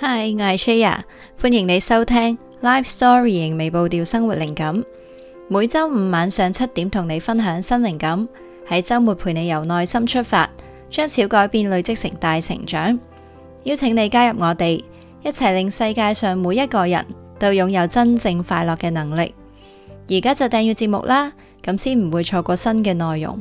Hi，我係 Shaya，歡迎你收聽 Life Story 微步調生活靈感，每周五晚上七點同你分享新靈感，喺周末陪你由內心出發，將小改變累積成大成長，邀請你加入我哋，一齊令世界上每一個人都擁有真正快樂嘅能力。而家就訂閱節目啦，咁先唔會錯過新嘅內容。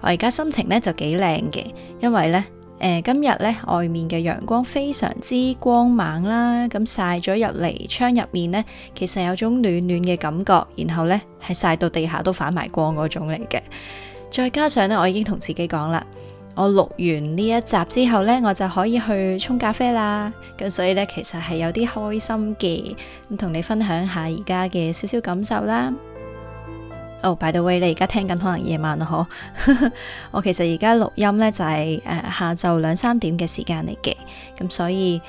我而家心情呢就幾靚嘅，因為呢。誒、呃，今日咧外面嘅陽光非常之光猛啦，咁曬咗入嚟窗入面咧，其實有種暖暖嘅感覺，然後咧係曬到地下都反埋光嗰種嚟嘅。再加上咧，我已經同自己講啦，我錄完呢一集之後咧，我就可以去沖咖啡啦。咁所以咧，其實係有啲開心嘅，咁同你分享下而家嘅少少感受啦。哦，by the way，你而家聽緊可能夜晚咯，嗬。我其實而家錄音呢，就係、呃、下晝兩三點嘅時間嚟嘅，咁所以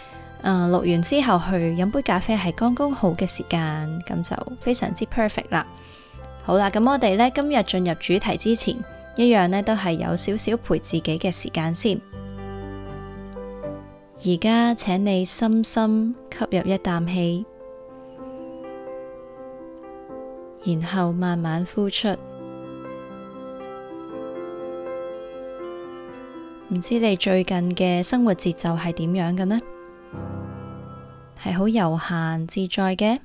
誒錄完之後去飲杯咖啡係剛剛好嘅時間，咁就非常之 perfect 啦。好啦，咁我哋呢，今日進入主題之前，一樣呢，都係有少少陪自己嘅時間先。而家請你深深吸入一啖氣。然後慢慢呼出。唔知你最近嘅生活節奏係點樣嘅呢？係好悠閒自在嘅？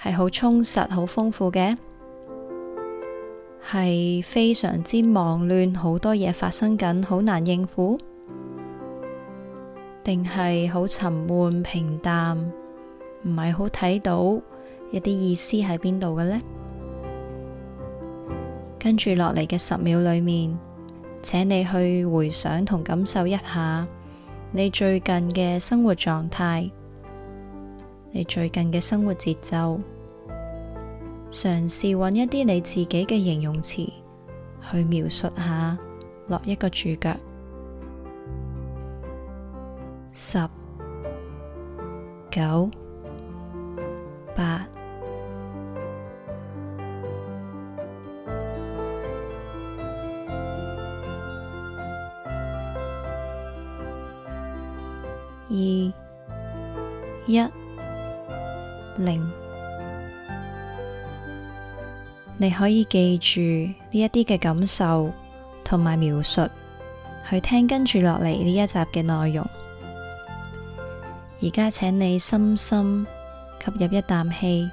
係好充實好豐富嘅？係非常之忙亂，好多嘢發生緊，好難應付，定係好沉悶平淡，唔係好睇到一啲意思喺邊度嘅呢？跟住落嚟嘅十秒裏面，請你去回想同感受一下你最近嘅生活狀態，你最近嘅生活節奏，嘗試揾一啲你自己嘅形容詞去描述下，落一個註腳。十、九、八。一零，你可以記住呢一啲嘅感受同埋描述，去聽跟住落嚟呢一集嘅內容。而家請你深深吸入一啖氣，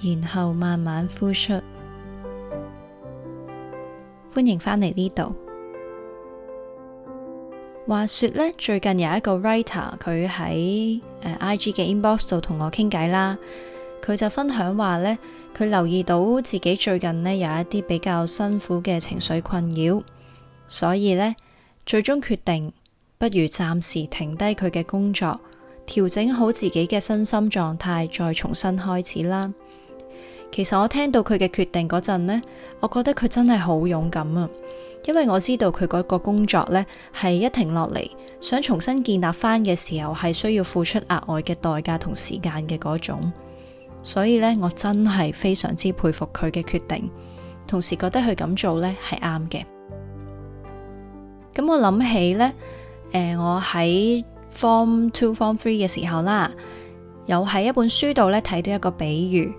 然後慢慢呼出。歡迎返嚟呢度。話說呢，最近有一個 writer，佢喺 IG 嘅 inbox 度同我傾偈啦。佢就分享話呢，佢留意到自己最近呢有一啲比較辛苦嘅情緒困擾，所以呢，最終決定不如暫時停低佢嘅工作，調整好自己嘅身心狀態，再重新開始啦。其實我聽到佢嘅決定嗰陣呢，我覺得佢真係好勇敢啊！因為我知道佢嗰個工作呢係一停落嚟，想重新建立翻嘅時候係需要付出額外嘅代價同時間嘅嗰種，所以呢，我真係非常之佩服佢嘅決定，同時覺得佢咁做呢係啱嘅。咁我諗起呢，誒、呃，我喺 Form Two、Form Three 嘅時候啦，有喺一本書度呢睇到一個比喻。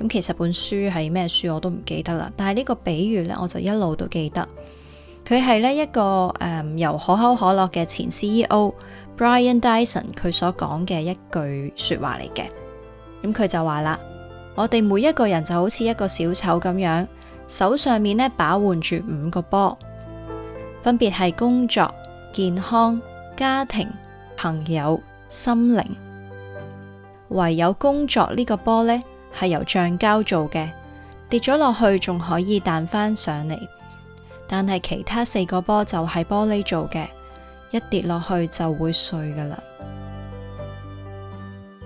咁其實本書係咩書我都唔記得啦，但係呢個比喻呢，我就一路都記得。佢係呢一個誒、呃、由可口可樂嘅前 CEO Brian Dyson 佢所講嘅一句話、嗯、說話嚟嘅。咁佢就話啦，我哋每一個人就好似一個小丑咁樣，手上面呢把玩住五個波，分別係工作、健康、家庭、朋友、心靈。唯有工作呢個波呢，係由橡膠做嘅，跌咗落去仲可以彈翻上嚟。但係其他四個波就係玻璃做嘅，一跌落去就會碎噶啦。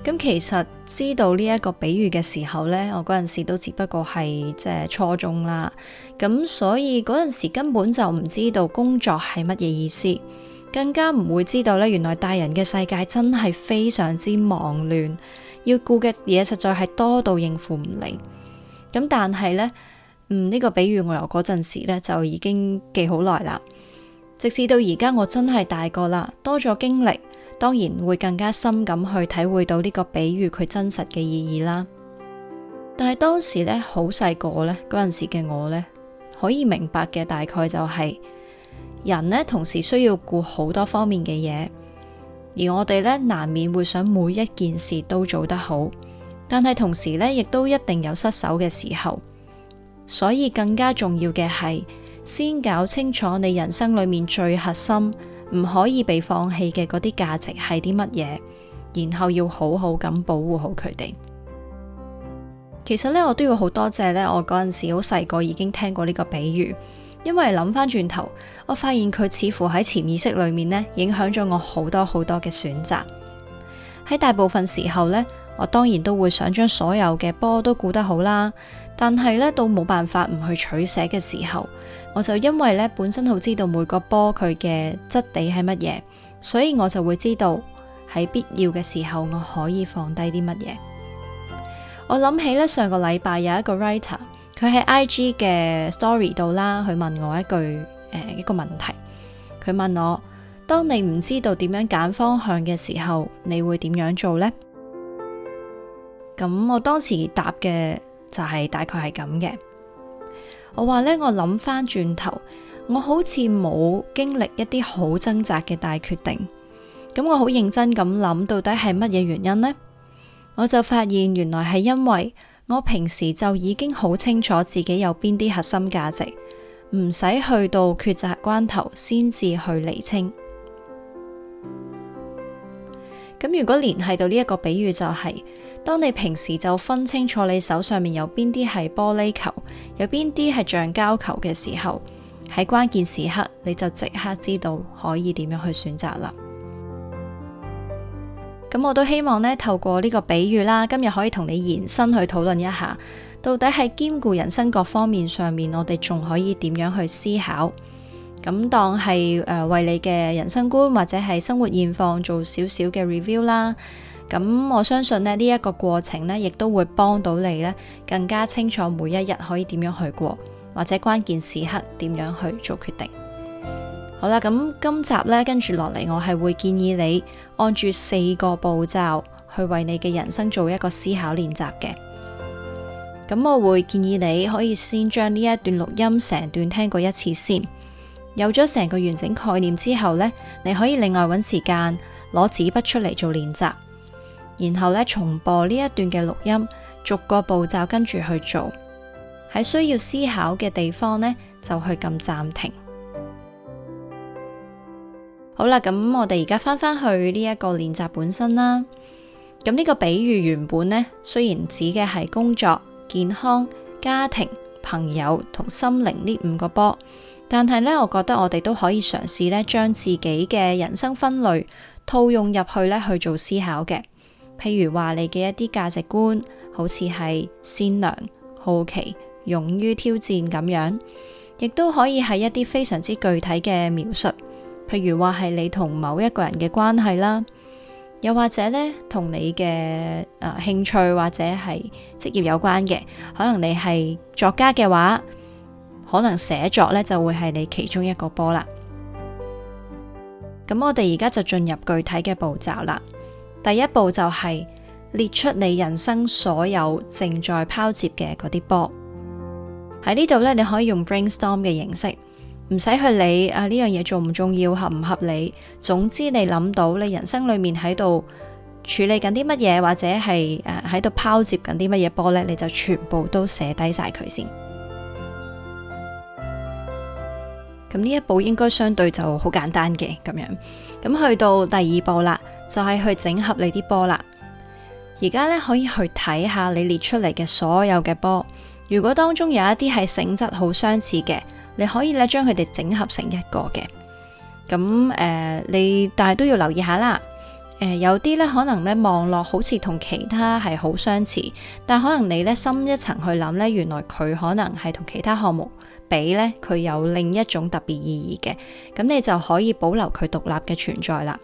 咁 其實知道呢一個比喻嘅時候呢，我嗰陣時都只不過係即係初中啦。咁所以嗰陣時根本就唔知道工作係乜嘢意思，更加唔會知道呢原來大人嘅世界真係非常之忙亂。要顧嘅嘢實在係多到應付唔嚟，咁但係呢，嗯，呢個比喻我由嗰陣時呢就已經記好耐啦，直至到而家我真係大個啦，多咗經歷，當然會更加深咁去體會到呢個比喻佢真實嘅意義啦。但係當時呢，好細個呢，嗰陣時嘅我呢，可以明白嘅大概就係人呢，同時需要顧好多方面嘅嘢。而我哋咧，難免會想每一件事都做得好，但係同時咧，亦都一定有失手嘅時候。所以更加重要嘅係，先搞清楚你人生裏面最核心唔可以被放棄嘅嗰啲價值係啲乜嘢，然後要好好咁保護好佢哋。其實咧，我都要好多謝咧，我嗰陣時好細個已經聽過呢個比喻。因為諗翻轉頭，我發現佢似乎喺潛意識裏面咧，影響咗我好多好多嘅選擇。喺大部分時候呢，我當然都會想將所有嘅波都顧得好啦。但係呢，到冇辦法唔去取捨嘅時候，我就因為呢，本身好知道每個波佢嘅質地係乜嘢，所以我就會知道喺必要嘅時候我可以放低啲乜嘢。我諗起呢，上個禮拜有一個 writer。佢喺 IG 嘅 story 度啦，佢問我一句誒、呃，一個問題。佢問我：「當你唔知道點樣揀方向嘅時候，你會點樣做呢？」咁我當時答嘅就係大概係咁嘅。我話咧，我諗翻轉頭，我好似冇經歷一啲好掙扎嘅大決定。咁我好認真咁諗，到底係乜嘢原因呢？我就發現，原來係因為。我平時就已經好清楚自己有邊啲核心價值，唔使去到抉擇關頭先至去釐清。咁如果聯繫到呢一個比喻，就是，就係當你平時就分清楚你手上面有邊啲係玻璃球，有邊啲係橡膠球嘅時候，喺關鍵時刻你就即刻知道可以點樣去選擇啦。咁我都希望咧，透過呢個比喻啦，今日可以同你延伸去討論一下，到底係兼顧人生各方面上面，我哋仲可以點樣去思考？咁當係誒、呃，為你嘅人生觀或者係生活現況做少少嘅 review 啦。咁我相信呢，呢、這、一個過程呢，亦都會幫到你呢，更加清楚每一日可以點樣去過，或者關鍵時刻點樣去做決定。好啦，咁今集咧，跟住落嚟，我係會建議你按住四個步驟去為你嘅人生做一個思考練習嘅。咁我會建議你可以先將呢一段錄音成段聽過一次先，有咗成個完整概念之後呢，你可以另外揾時間攞紙筆出嚟做練習，然後咧重播呢一段嘅錄音，逐個步驟跟住去做，喺需要思考嘅地方呢，就去撳暫停。好啦，咁我哋而家翻返去呢一個練習本身啦。咁呢個比喻原本呢，雖然指嘅係工作、健康、家庭、朋友同心靈呢五個波，但係呢，我覺得我哋都可以嘗試呢，將自己嘅人生分類套用入去呢去做思考嘅。譬如話你嘅一啲價值觀，好似係善良、好奇、勇於挑戰咁樣，亦都可以係一啲非常之具體嘅描述。譬如話係你同某一個人嘅關係啦，又或者呢同你嘅，誒、呃、興趣或者係職業有關嘅，可能你係作家嘅話，可能寫作呢就會係你其中一個波啦。咁我哋而家就進入具體嘅步驟啦。第一步就係列出你人生所有正在拋接嘅嗰啲波。喺呢度呢，你可以用 brainstorm 嘅形式。唔使去理啊！呢樣嘢，重唔重要，合唔合理？總之你諗到你人生裏面喺度處理緊啲乜嘢，或者係誒喺度拋接緊啲乜嘢波呢，你就全部都寫低晒佢先。咁呢、嗯、一步應該相對就好簡單嘅咁樣。咁、嗯、去到第二步啦，就係、是、去整合你啲波啦。而家呢，可以去睇下你列出嚟嘅所有嘅波，如果當中有一啲係性質好相似嘅。你可以咧將佢哋整合成一個嘅咁，誒，你但係都要留意下啦。誒、呃、有啲咧可能咧望落好似同其他係好相似，但可能你咧深一層去諗咧，原來佢可能係同其他項目比咧，佢有另一種特別意義嘅。咁你就可以保留佢獨立嘅存在啦。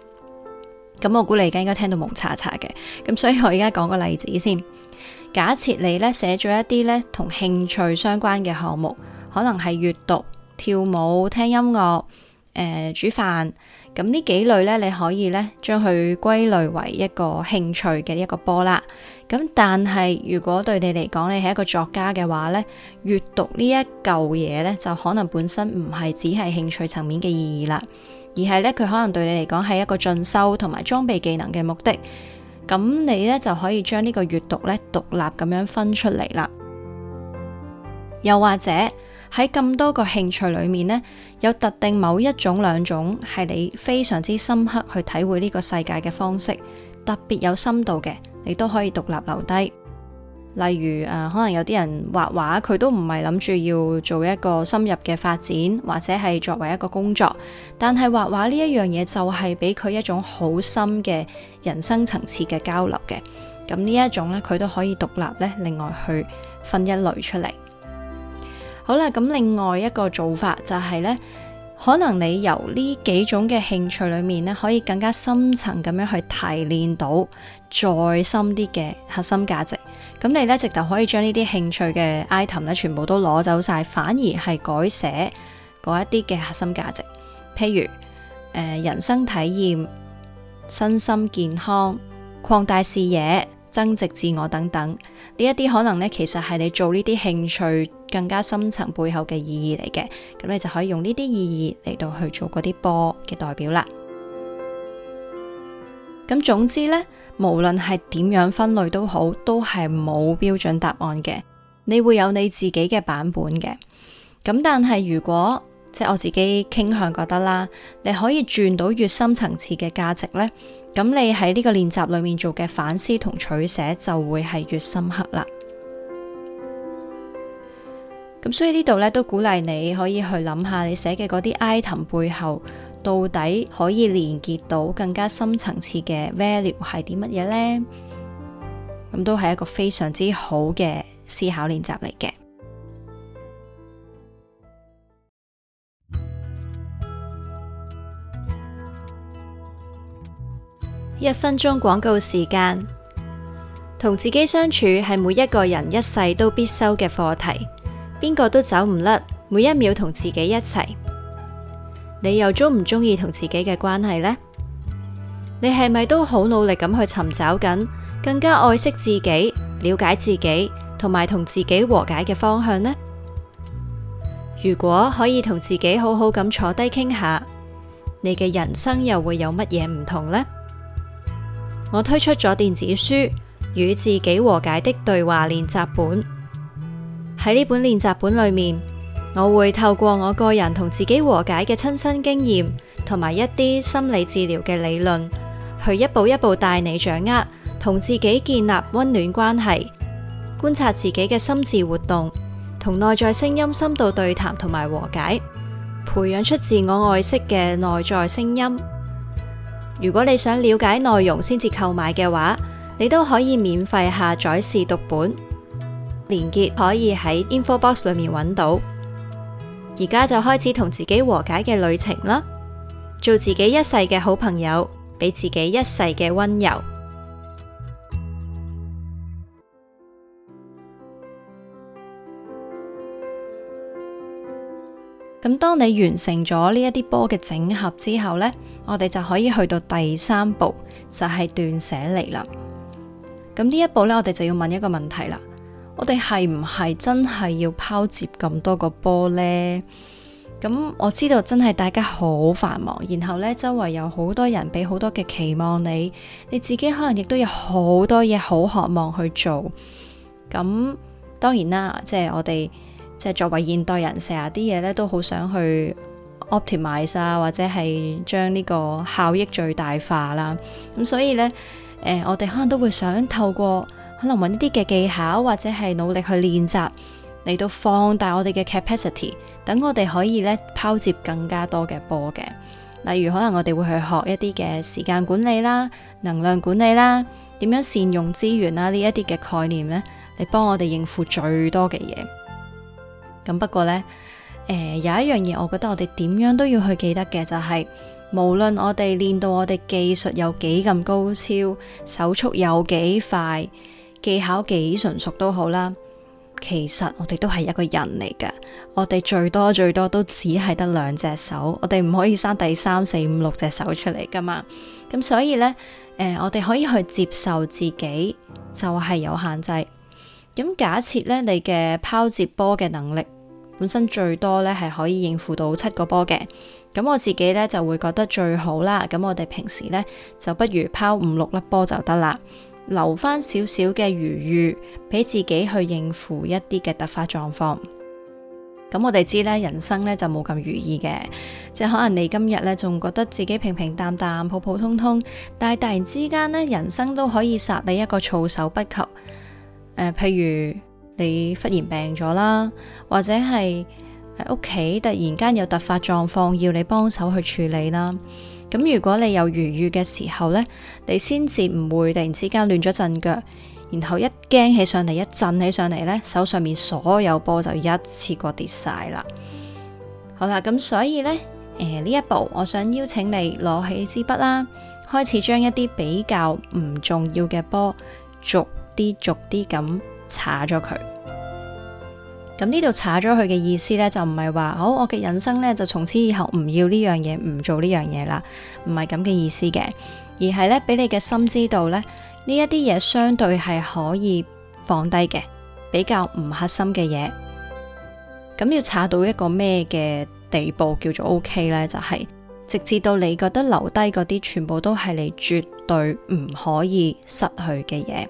咁我估你而家應該聽到蒙查查嘅咁，所以我而家講個例子先。假設你咧寫咗一啲咧同興趣相關嘅項目。可能係閱讀、跳舞、聽音樂、誒、呃、煮飯，咁呢幾類咧，你可以咧將佢歸類為一個興趣嘅一個波啦。咁但係如果對你嚟講，你係一個作家嘅話咧，閱讀一呢一嚿嘢咧，就可能本身唔係只係興趣層面嘅意義啦，而係咧佢可能對你嚟講係一個進修同埋裝備技能嘅目的。咁你咧就可以將呢個閱讀咧獨立咁樣分出嚟啦。又或者，喺咁多個興趣裏面呢，有特定某一種、兩種係你非常之深刻去體會呢個世界嘅方式，特別有深度嘅，你都可以獨立留低。例如誒、呃，可能有啲人畫畫，佢都唔係諗住要做一個深入嘅發展，或者係作為一個工作，但係畫畫呢一樣嘢就係俾佢一種好深嘅人生層次嘅交流嘅。咁呢一種呢，佢都可以獨立呢，另外去分一類出嚟。好啦，咁另外一個做法就係咧，可能你由呢幾種嘅興趣裏面咧，可以更加深層咁樣去提煉到再深啲嘅核心價值。咁你咧，直頭可以將呢啲興趣嘅 item 咧，全部都攞走晒，反而係改寫嗰一啲嘅核心價值。譬如誒，呃，人生體驗、身心健康、擴大視野。增值自我等等，呢一啲可能呢，其實係你做呢啲興趣更加深層背後嘅意義嚟嘅，咁你就可以用呢啲意義嚟到去做嗰啲波嘅代表啦。咁總之呢，無論係點樣分類都好，都係冇標準答案嘅，你會有你自己嘅版本嘅。咁但係如果即係我自己傾向覺得啦，你可以轉到越深層次嘅價值呢。咁你喺呢個練習裏面做嘅反思同取捨就會係越深刻啦。咁所以呢度咧都鼓勵你可以去諗下你寫嘅嗰啲 item 背後到底可以連結到更加深層次嘅 value 係啲乜嘢咧？咁都係一個非常之好嘅思考練習嚟嘅。一分鐘廣告時間，同自己相處係每一個人一世都必修嘅課題，邊個都走唔甩。每一秒同自己一齊，你又鍾唔鍾意同自己嘅關係呢？你係咪都好努力咁去尋找緊更加愛惜自己、了解自己，同埋同自己和解嘅方向呢？如果可以同自己好好咁坐低傾下談談，你嘅人生又會有乜嘢唔同呢？我推出咗電子書《與自己和解的對話練習本》，喺呢本練習本裏面，我會透過我個人同自己和解嘅親身經驗，同埋一啲心理治療嘅理論，去一步一步帶你掌握同自己建立溫暖關係，觀察自己嘅心智活動，同內在聲音深度對談，同埋和解，培養出自我愛惜嘅內在聲音。如果你想了解內容先至購買嘅話，你都可以免費下載試讀本，連結可以喺 info box 裏面搵到。而家就開始同自己和解嘅旅程啦，做自己一世嘅好朋友，俾自己一世嘅溫柔。咁當你完成咗呢一啲波嘅整合之後呢，我哋就可以去到第三步，就係斷捨離啦。咁呢一步呢，我哋就要問一個問題啦：我哋係唔係真係要拋接咁多個波呢？咁我知道真係大家好繁忙，然後呢，周圍有好多人俾好多嘅期望你，你自己可能亦都有好多嘢好渴望去做。咁當然啦，即係我哋。即係作為現代人，成日啲嘢咧都好想去 optimize 啊，或者係將呢個效益最大化啦。咁所以咧，誒、呃，我哋可能都會想透過可能揾一啲嘅技巧，或者係努力去練習嚟到放大我哋嘅 capacity，等我哋可以咧拋接更加多嘅波嘅。例如可能我哋會去學一啲嘅時間管理啦、能量管理啦、點樣善用資源啦呢一啲嘅概念咧，嚟幫我哋應付最多嘅嘢。咁不過呢，誒、呃、有一樣嘢，我覺得我哋點樣都要去記得嘅，就係、是、無論我哋練到我哋技術有幾咁高超，手速有幾快，技巧幾純熟都好啦，其實我哋都係一個人嚟㗎，我哋最多最多都只係得兩隻手，我哋唔可以生第三四五六隻手出嚟噶嘛，咁所以呢，誒、呃、我哋可以去接受自己就係有限制。咁假設咧，你嘅拋接波嘅能力本身最多咧，係可以應付到七個波嘅。咁我自己咧就會覺得最好啦。咁我哋平時咧就不如拋五六粒波就得啦，留返少少嘅餘裕俾自己去應付一啲嘅突發狀況。咁我哋知咧，人生咧就冇咁如意嘅，即係可能你今日咧仲覺得自己平平淡淡、普普通通，但係突然之間咧，人生都可以殺你一個措手不及。誒、呃，譬如你忽然病咗啦，或者係喺屋企突然間有突發狀況要你幫手去處理啦，咁如果你有餘裕嘅時候呢，你先至唔會突然之間亂咗陣腳，然後一驚起上嚟，一震起上嚟呢，手上面所有波就一次過跌晒啦。好啦，咁所以呢，誒、呃，呢一步，我想邀請你攞起支筆啦，開始將一啲比較唔重要嘅波逐。啲逐啲咁查咗佢，咁呢度查咗佢嘅意思呢，就唔係話好我嘅人生呢，就從此以後唔要呢樣嘢，唔做呢樣嘢啦，唔係咁嘅意思嘅，而係呢，俾你嘅心知道呢，呢一啲嘢相對係可以放低嘅，比較唔核心嘅嘢。咁要查到一個咩嘅地步叫做 OK 呢？就係直至到你覺得留低嗰啲全部都係你絕對唔可以失去嘅嘢。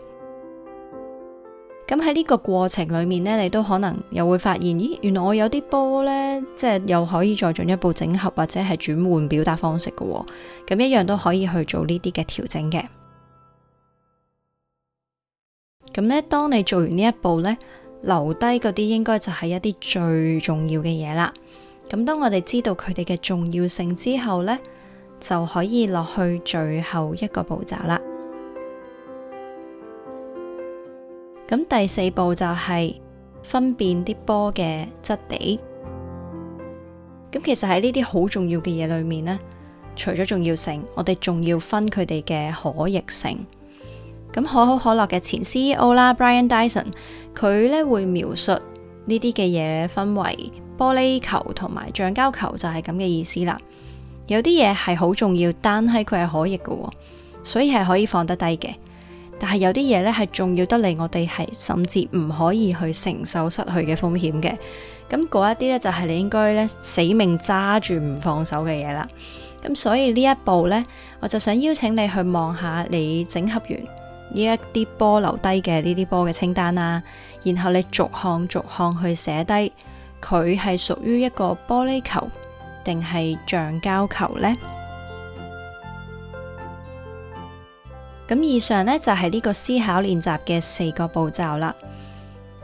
咁喺呢個過程裏面呢，你都可能又會發現，咦，原來我有啲波呢，即係又可以再進一步整合或者係轉換表達方式嘅喎，咁一樣都可以去做呢啲嘅調整嘅。咁呢，當你做完呢一步呢，留低嗰啲應該就係一啲最重要嘅嘢啦。咁當我哋知道佢哋嘅重要性之後呢，就可以落去最後一個步驟啦。咁第四步就係分辨啲波嘅質地。咁其實喺呢啲好重要嘅嘢裏面，呢除咗重要性，我哋仲要分佢哋嘅可逆性。咁可口可樂嘅前 CEO 啦 Brian Dyson，佢咧會描述呢啲嘅嘢分為玻璃球同埋橡膠球，就係咁嘅意思啦。有啲嘢係好重要，但係佢係可逆嘅，哦，所以係可以放得低嘅。但係有啲嘢咧，係重要得嚟，我哋係甚至唔可以去承受失去嘅風險嘅。咁嗰一啲咧，就係、是、你應該咧死命揸住唔放手嘅嘢啦。咁所以呢一步咧，我就想邀請你去望下你整合完呢一啲波留低嘅呢啲波嘅清單啦，啊，然後你逐項逐項去寫低，佢係屬於一個玻璃球定係橡膠球呢？咁以上呢，就係呢個思考練習嘅四個步驟啦。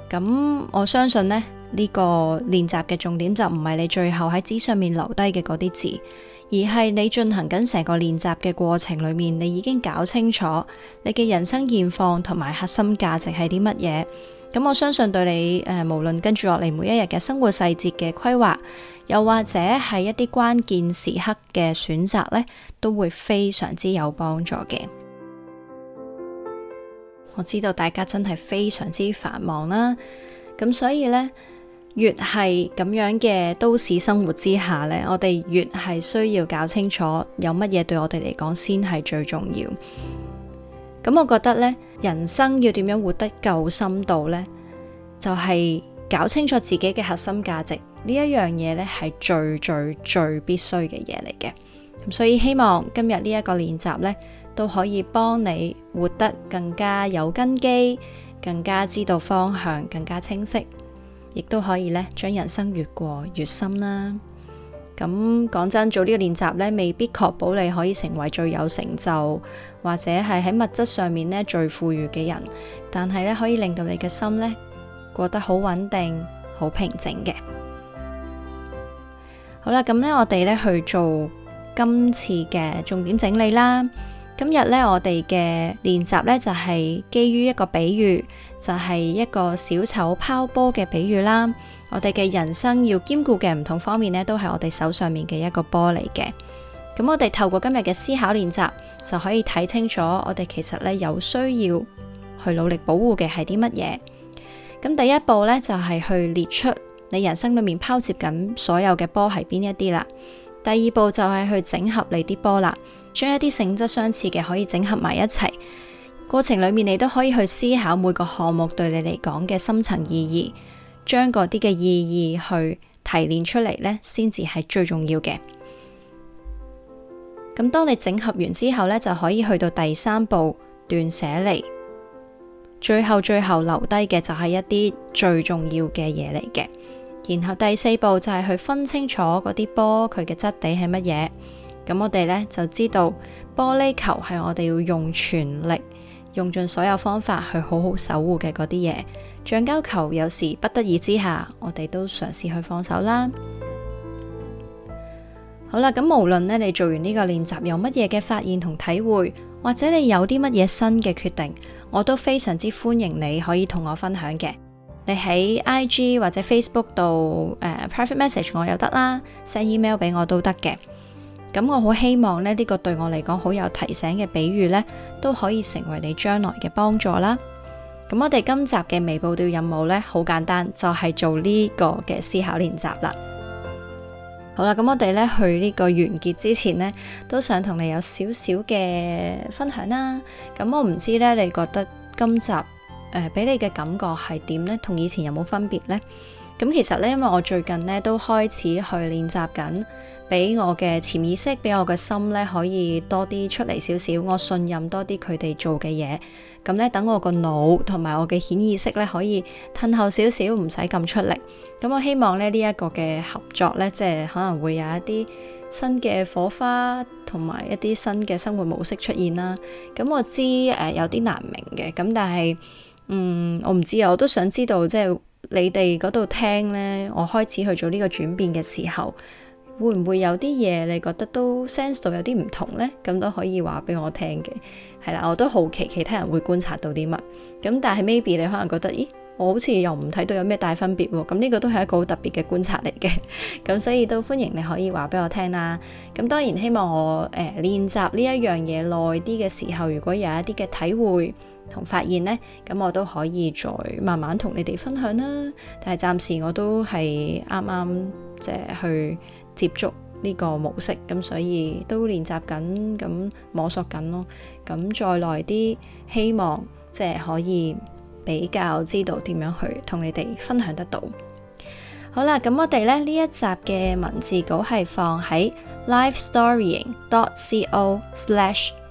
咁我相信呢，呢個練習嘅重點就唔係你最後喺紙上面留低嘅嗰啲字，而係你進行緊成個練習嘅過程裏面，你已經搞清楚你嘅人生現況同埋核心價值係啲乜嘢。咁我相信對你誒、呃，無論跟住落嚟每一日嘅生活細節嘅規劃，又或者係一啲關鍵時刻嘅選擇呢，都會非常之有幫助嘅。我知道大家真係非常之繁忙啦，咁所以呢，越係咁樣嘅都市生活之下呢，我哋越係需要搞清楚有乜嘢對我哋嚟講先係最重要。咁我覺得呢，人生要點樣活得夠深度呢，就係搞清楚自己嘅核心價值呢一樣嘢呢係最最最必須嘅嘢嚟嘅。咁所以希望今日呢一個練習呢，都可以幫你活得更加有根基，更加知道方向，更加清晰，亦都可以咧將人生越過越深啦。咁講真，做呢個練習咧，未必確保你可以成為最有成就或者係喺物質上面咧最富裕嘅人，但係咧可以令到你嘅心咧過得好穩定、好平靜嘅。好啦，咁咧我哋咧去做今次嘅重點整理啦。今日咧，我哋嘅練習咧就係基於一個比喻，就係一個小丑拋波嘅比喻啦。我哋嘅人生要兼顧嘅唔同方面咧，都係我哋手上面嘅一個波嚟嘅。咁我哋透過今日嘅思考練習，就可以睇清楚我哋其實咧有需要去努力保護嘅係啲乜嘢。咁第一步咧就係去列出你人生裏面拋接緊所有嘅波係邊一啲啦。第二步就係去整合你啲波啦。將一啲性質相似嘅可以整合埋一齊，過程裏面你都可以去思考每個項目對你嚟講嘅深層意義，將嗰啲嘅意義去提煉出嚟呢先至係最重要嘅。咁當你整合完之後呢，就可以去到第三步斷捨離，最後最後留低嘅就係一啲最重要嘅嘢嚟嘅。然後第四步就係去分清楚嗰啲波，佢嘅質地係乜嘢。咁我哋咧就知道玻璃球係我哋要用全力，用盡所有方法去好好守護嘅嗰啲嘢。橡膠球有時不得已之下，我哋都嘗試去放手啦。好啦，咁無論呢，你做完呢個練習有乜嘢嘅發現同體會，或者你有啲乜嘢新嘅決定，我都非常之歡迎你可以同我分享嘅。你喺 IG 或者 Facebook 度，誒、呃、Private Message 我又得啦，send email 俾我都得嘅。咁我好希望咧，呢、這個對我嚟講好有提醒嘅比喻呢，都可以成為你將來嘅幫助啦。咁我哋今集嘅微步調任務呢，好簡單，就係、是、做呢個嘅思考練習啦。好啦，咁我哋呢，去呢個完結之前呢，都想同你有少少嘅分享啦。咁我唔知呢，你覺得今集誒、呃、畀你嘅感覺係點呢？同以前有冇分別呢？咁其實呢，因為我最近呢，都開始去練習緊，俾我嘅潛意識，俾我嘅心咧，可以多啲出嚟少少，我信任多啲佢哋做嘅嘢。咁咧，等我個腦同埋我嘅顯意識咧，可以褪後少少，唔使咁出力。咁我希望咧呢一個嘅合作咧，即係可能會有一啲新嘅火花，同埋一啲新嘅生活模式出現啦。咁我知誒，呃，有啲難明嘅，咁但係嗯，我唔知啊，我都想知道，即係你哋嗰度聽咧，我開始去做呢個轉變嘅時候，會唔會有啲嘢？你覺得都 sense 到有啲唔同呢？咁都可以話俾我聽嘅係啦。我都好奇其他人會觀察到啲乜咁，但係 maybe 你可能覺得咦，我好似又唔睇到有咩大分別喎。咁呢個都係一個好特別嘅觀察嚟嘅，咁，所以都歡迎你可以話俾我聽啦。咁當然希望我誒練習呢一樣嘢耐啲嘅時候，如果有一啲嘅體會同發現呢，咁我都可以再慢慢同你哋分享啦。但係暫時我都係啱啱即係去。接觸呢個模式，咁所以都練習緊，咁摸索緊咯。咁再來啲，希望即係可以比較知道點樣去同你哋分享得到。好啦，咁我哋咧呢一集嘅文字稿係放喺 LifeStorying.co/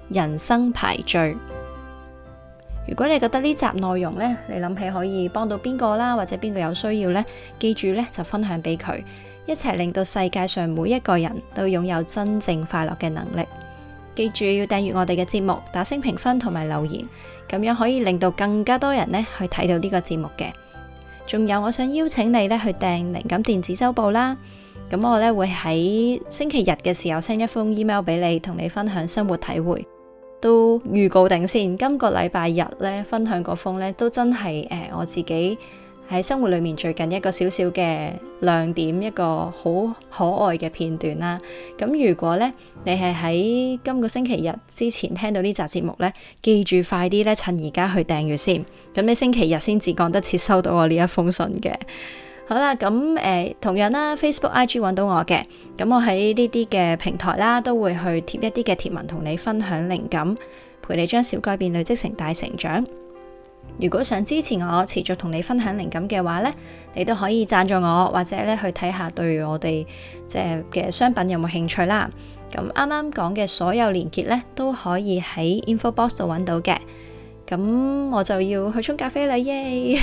人生排序。如果你覺得呢集內容呢，你諗起可以幫到邊個啦，或者邊個有需要呢，記住呢就分享俾佢。一齊令到世界上每一個人都擁有真正快樂嘅能力。記住要訂閱我哋嘅節目，打星評分同埋留言，咁樣可以令到更加多人咧去睇到呢個節目嘅。仲有，我想邀請你咧去訂靈感電子周報啦。咁我咧會喺星期日嘅時候 send 一封 email 俾你，同你分享生活體會。都預告定先，今個禮拜日咧分享嗰封咧都真係誒、呃、我自己。喺生活裏面最近一個小小嘅亮點，一個好可愛嘅片段啦。咁如果咧，你係喺今個星期日之前聽到呢集節目咧，記住快啲咧，趁而家去訂閱先。咁你星期日先至講得切收到我呢一封信嘅。好啦，咁誒、呃、同樣啦，Facebook、IG 揾到我嘅。咁我喺呢啲嘅平台啦，都會去貼一啲嘅貼文同你分享靈感，陪你將小改變累積成大成長。如果想支持我，持續同你分享靈感嘅話呢，你都可以贊助我，或者咧去睇下對我哋即嘅商品有冇興趣啦。咁啱啱講嘅所有連結呢，都可以喺 InfoBox 度揾到嘅。咁我就要去沖咖啡啦，耶！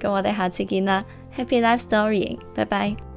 咁我哋下次見啦，Happy Life Story，拜拜。